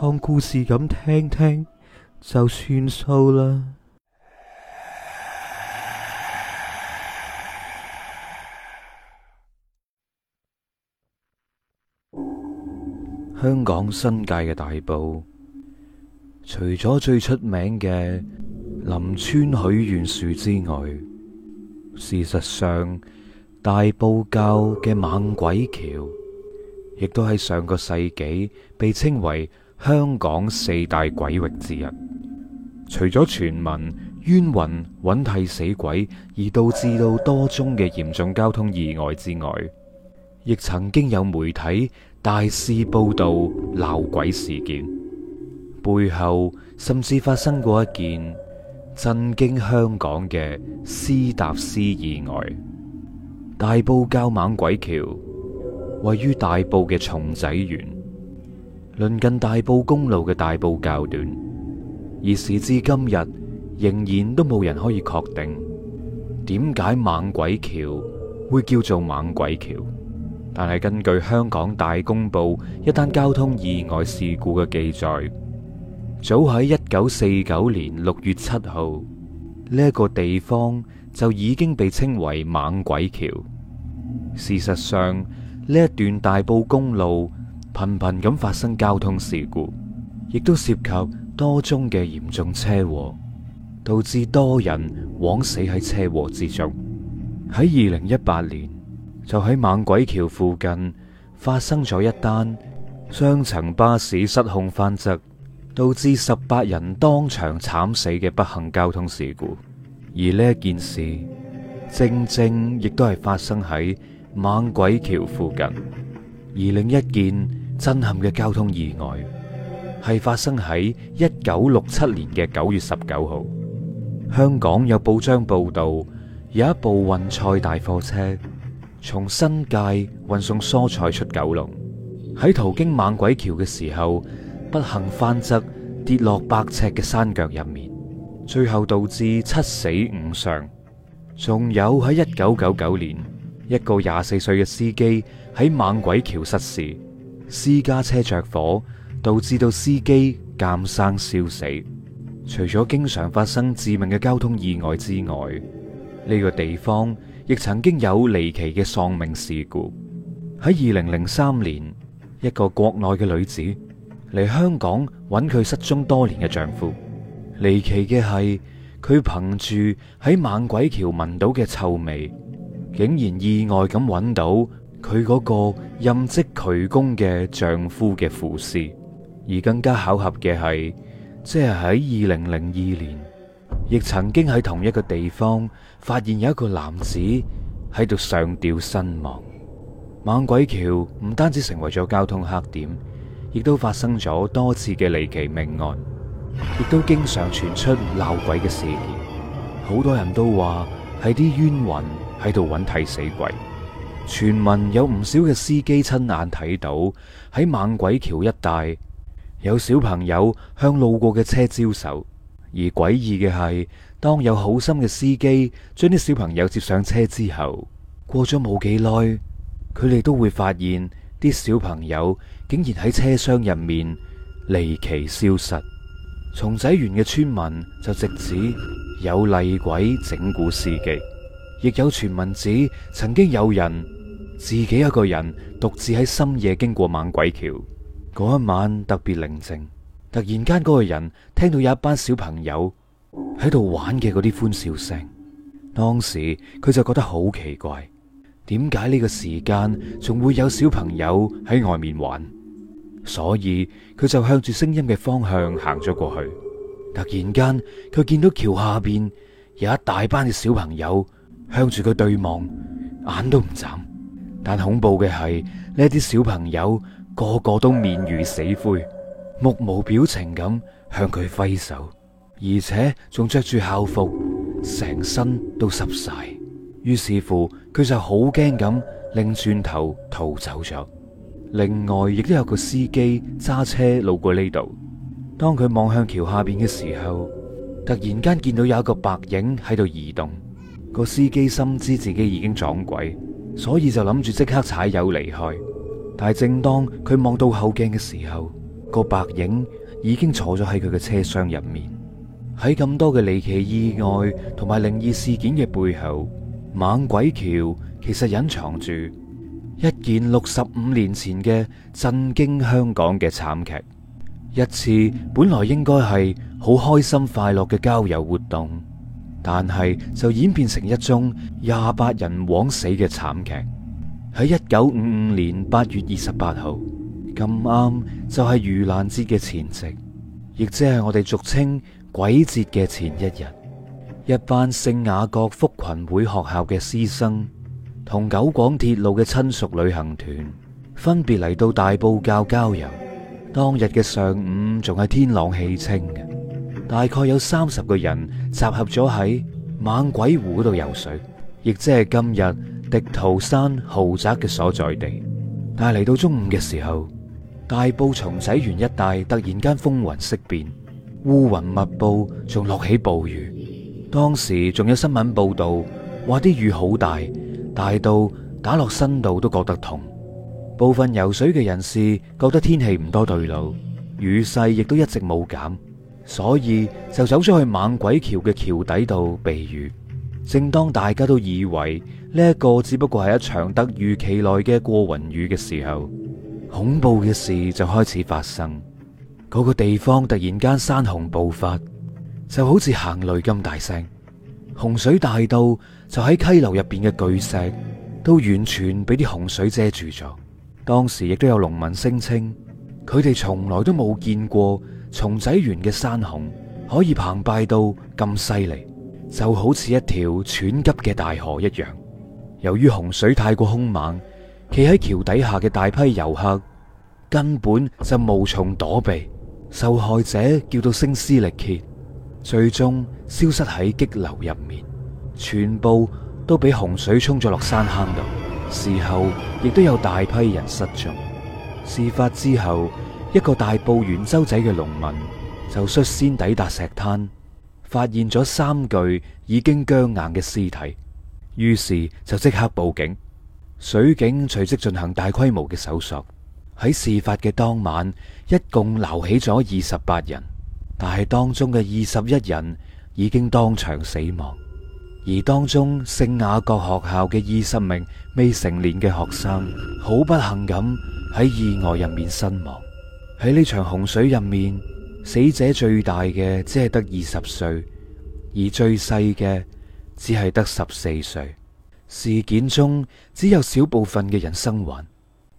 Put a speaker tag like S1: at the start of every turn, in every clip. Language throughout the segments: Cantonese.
S1: 當故事咁聽聽就算數啦。香港新界嘅大埔，除咗最出名嘅林村許願樹之外，事實上大埔滘嘅猛鬼橋，亦都喺上個世紀被稱為。香港四大鬼域之一，除咗傳聞冤魂揾替死鬼而導致到多宗嘅嚴重交通意外之外，亦曾經有媒體大肆報道鬧鬼事件，背後甚至發生過一件震驚香港嘅斯達斯意外。大埔滘猛鬼橋位於大埔嘅松仔園。鄰近大埔公路嘅大埔滘段，而時至今日仍然都冇人可以確定點解猛鬼橋會叫做猛鬼橋。但係根據香港大公報一單交通意外事故嘅記載，早喺一九四九年六月七號，呢一個地方就已經被稱為猛鬼橋。事實上，呢一段大埔公路。頻頻咁發生交通事故，亦都涉及多宗嘅嚴重車禍，導致多人枉死喺車禍之中。喺二零一八年，就喺猛鬼橋附近發生咗一單雙層巴士失控翻側，導致十八人當場慘死嘅不幸交通事故。而呢一件事，正正亦都係發生喺猛鬼橋附近。而另一件。震撼嘅交通意外，係發生喺一九六七年嘅九月十九號。香港有報章報道，有一部運菜大貨車從新界運送蔬菜出九龍，喺途經猛鬼橋嘅時候，不幸翻側跌落百尺嘅山腳入面，最後導致七死五傷。仲有喺一九九九年，一個廿四歲嘅司機喺猛鬼橋失事。私家車着火，導致到司機監生燒死。除咗經常發生致命嘅交通意外之外，呢個地方亦曾經有離奇嘅喪命事故。喺二零零三年，一個國內嘅女子嚟香港揾佢失蹤多年嘅丈夫。離奇嘅係，佢憑住喺猛鬼橋聞到嘅臭味，竟然意外咁揾到，佢嗰個任職渠工嘅丈夫嘅浮屍，而更加巧合嘅係，即係喺二零零二年，亦曾經喺同一個地方發現有一個男子喺度上吊身亡。猛鬼橋唔單止成為咗交通黑點，亦都發生咗多次嘅離奇命案，亦都經常傳出鬧鬼嘅事件。好多人都話係啲冤魂喺度揾替死鬼。傳聞有唔少嘅司機親眼睇到，喺猛鬼橋一帶，有小朋友向路過嘅車招手，而詭異嘅係，當有好心嘅司機將啲小朋友接上車之後，過咗冇幾耐，佢哋都會發現啲小朋友竟然喺車廂入面離奇消失。松仔園嘅村民就直指有厲鬼整蠱司機，亦有傳聞指曾經有人。自己一個人獨自喺深夜經過猛鬼橋，嗰一晚特別寧靜。突然間，嗰個人聽到有一班小朋友喺度玩嘅嗰啲歡笑聲。當時佢就覺得好奇怪，點解呢個時間仲會有小朋友喺外面玩？所以佢就向住聲音嘅方向行咗過去。突然間，佢見到橋下邊有一大班嘅小朋友向住佢對望，眼都唔眨。但恐怖嘅係，呢啲小朋友個，個個都面如死灰，目無表情咁向佢揮手，而且仲着住校服，成身都濕晒。於是乎，佢就好驚咁擰轉頭逃走咗。另外，亦都有個司機揸車路過呢度，當佢望向橋下邊嘅時候，突然間見到有一個白影喺度移動。個司機深知自己已經撞鬼。所以就諗住即刻踩油離開，但係正當佢望到後鏡嘅時候，個白影已經坐咗喺佢嘅車廂入面。喺咁多嘅離奇意外同埋靈異事件嘅背後，猛鬼橋其實隱藏住一件六十五年前嘅震驚香港嘅慘劇。一次本來應該係好開心快樂嘅郊遊活動。但係就演變成一宗廿八人枉死嘅慘劇。喺一九五五年八月二十八號，咁啱就係盂蘭節嘅前夕，亦即係我哋俗稱鬼節嘅前一日，一班聖雅各福群會學校嘅師生同九廣鐵路嘅親屬旅行團，分別嚟到大埔教郊遊。當日嘅上午仲係天朗氣清嘅。大概有三十個人集合咗喺猛鬼湖嗰度游水，亦即係今日迪圖山豪宅嘅所在地。但係嚟到中午嘅時候，大埔松仔園一帶突然間風雲色變，烏雲密佈，仲落起暴雨。當時仲有新聞報道話啲雨好大，大到打落身度都覺得痛。部分游水嘅人士覺得天氣唔多對路，雨勢亦都一直冇減。所以就走咗去猛鬼橋嘅橋底度避雨。正當大家都以為呢一個只不過係一場得預期內嘅過雲雨嘅時候，恐怖嘅事就開始發生。嗰個地方突然間山洪暴發，就好似行雷咁大聲，洪水大到就喺溪流入邊嘅巨石都完全俾啲洪水遮住咗。當時亦都有農民聲稱。佢哋從來都冇見過松仔園嘅山洪可以澎湃到咁犀利，就好似一條湍急嘅大河一樣。由於洪水太過凶猛，企喺橋底下嘅大批遊客根本就無從躲避，受害者叫到聲嘶力竭，最終消失喺激流入面，全部都俾洪水沖咗落山坑度。事後亦都有大批人失蹤。事發之後，一個大埔圓洲仔嘅農民就率先抵達石灘，發現咗三具已經僵硬嘅屍體，於是就即刻報警。水警隨即進行大規模嘅搜索，喺事發嘅當晚，一共撈起咗二十八人，但係當中嘅二十一人已經當場死亡。而當中聖雅各學校嘅二十名未成年嘅學生，好不幸咁喺意外入面身亡。喺呢場洪水入面，死者最大嘅只係得二十歲，而最細嘅只係得十四歲。事件中只有少部分嘅人生還，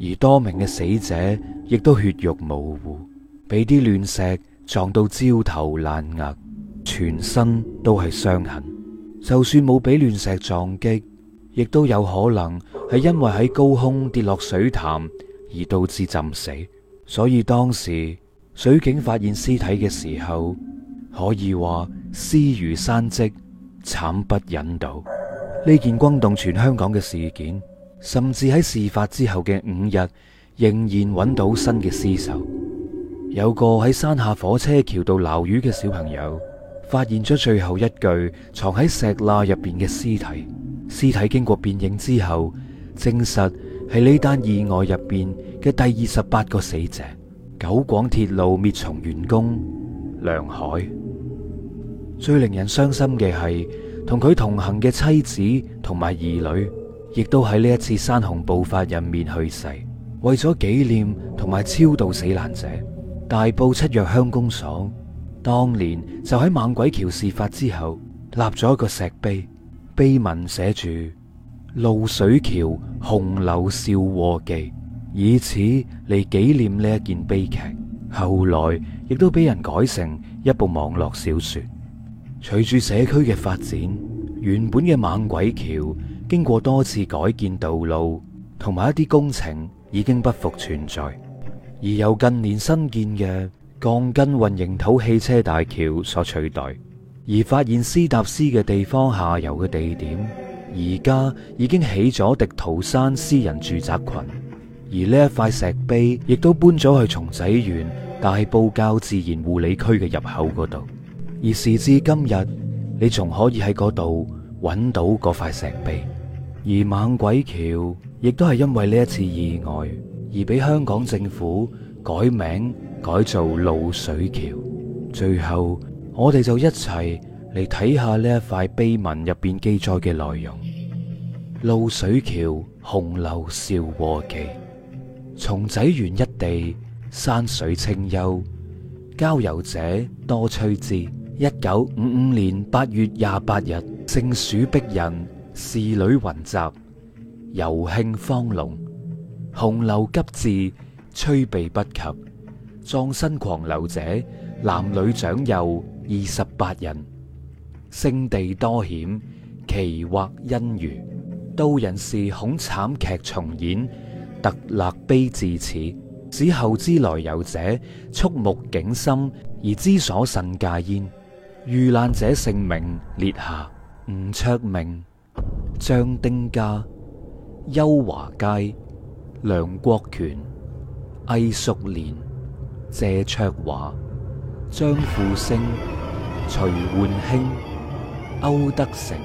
S1: 而多名嘅死者亦都血肉模糊，俾啲亂石撞到焦頭爛額，全身都係傷痕。就算冇俾亂石撞擊，亦都有可能係因為喺高空跌落水潭而導致浸死。所以當時水警發現屍體嘅時候，可以話屍如山積，慘不忍睹。呢件轟動全香港嘅事件，甚至喺事發之後嘅五日，仍然揾到新嘅屍首。有個喺山下火車橋度撈魚嘅小朋友，發現咗最後一具藏喺石罅入邊嘅屍體，屍體經過辨認之後，證實係呢單意外入邊嘅第二十八個死者。九廣鐵路滅蟲員工梁海，最令人傷心嘅係同佢同行嘅妻子同埋兒女，亦都喺呢一次山洪暴發入面去世。為咗紀念同埋超度死難者，大埔七約鄉公所。當年就喺猛鬼橋事發之後立咗一個石碑，碑文寫住《露水橋紅柳笑禍記》，以此嚟紀念呢一件悲劇。後來亦都俾人改成一部網絡小說。隨住社區嘅發展，原本嘅猛鬼橋經過多次改建道路同埋一啲工程，已經不復存在，而由近年新建嘅。鋼筋混凝土汽車大橋所取代，而發現斯達斯嘅地方下游嘅地點，而家已經起咗滌濤山私人住宅群，而呢一塊石碑亦都搬咗去松仔園大埔滘自然護理區嘅入口嗰度，而時至今日，你仲可以喺嗰度揾到嗰塊石碑，而猛鬼橋亦都係因為呢一次意外而俾香港政府改名。改造露水橋，最後我哋就一齊嚟睇下呢一塊碑文入邊記載嘅內容。露水橋紅樓笑和記，松仔園一地山水清幽，交遊者多趨之。一九五五年八月廿八日，盛暑逼人，侍女雲集，遊興方濃，紅樓急至，趨避不及。葬身狂流者男女長幼二十八人，勝地多險，奇或因如，都人士恐慘劇重演，特立悲至此，使後之來遊者觸目警心而知所慎戒焉。遇難者姓名列下：吳卓明、張丁家、邱華佳、梁國權、魏淑蓮。謝卓華、張富星、徐煥興、歐德成、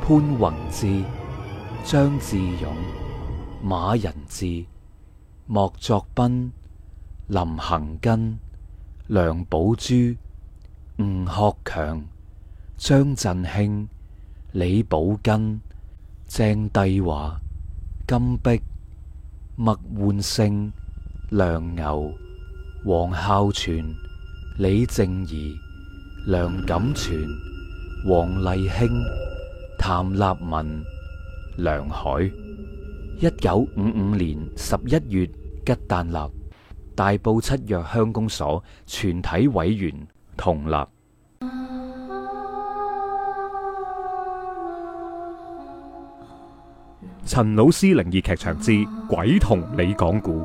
S1: 潘宏志、張志勇、馬仁志、莫作斌、林恒根、梁寶珠、吳鶴強、張振興、李寶根、鄭帝華、金碧、麥煥星、梁牛。黃孝全、李靜怡、梁錦泉、王麗卿、譚立文、梁海，一九五五年十一月吉旦立大埔七約鄉公所全體委員同立。 陳老師靈異劇場之鬼同你講古。